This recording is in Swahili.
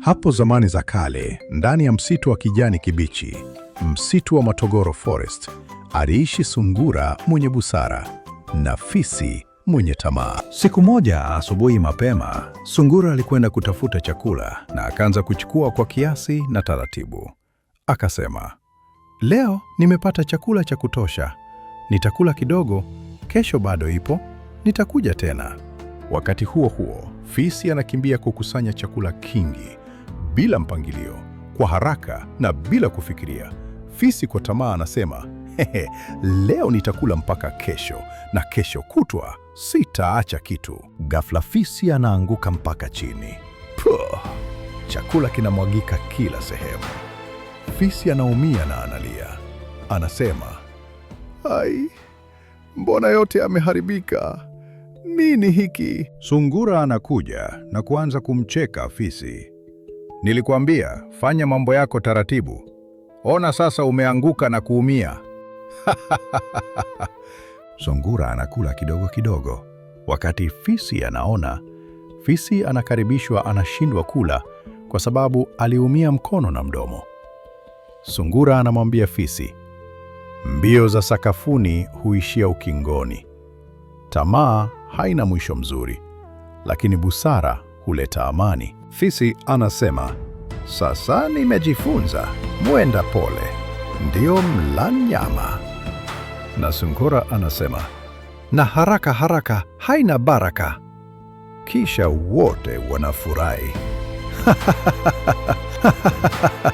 Hapo zamani za kale, ndani ya msitu wa kijani kibichi, msitu wa Matogoro Forest, aliishi sungura mwenye busara na fisi mwenye tamaa. Siku moja asubuhi mapema, sungura alikwenda kutafuta chakula na akaanza kuchukua kwa kiasi na taratibu. Akasema, leo nimepata chakula cha kutosha, nitakula kidogo, kesho bado ipo, nitakuja tena. Wakati huo huo, fisi anakimbia kukusanya chakula kingi bila mpangilio, kwa haraka na bila kufikiria. Fisi kwa tamaa anasema, hehe, leo nitakula mpaka kesho na kesho kutwa, sitaacha kitu. Ghafla fisi anaanguka mpaka chini. Puh, chakula kinamwagika kila sehemu. Fisi anaumia na analia, anasema Ai, mbona yote yameharibika? Nini hiki? Sungura anakuja na kuanza kumcheka fisi. Nilikwambia fanya mambo yako taratibu. Ona sasa umeanguka na kuumia. Sungura anakula kidogo kidogo. Wakati fisi anaona, fisi anakaribishwa anashindwa kula kwa sababu aliumia mkono na mdomo. Sungura anamwambia fisi, Mbio za sakafuni huishia ukingoni. Tamaa haina mwisho mzuri, lakini busara huleta amani. Fisi anasema, sasa nimejifunza, mwenda pole ndio mla nyama. Na sungura anasema, na haraka haraka haina baraka. Kisha wote wanafurahi.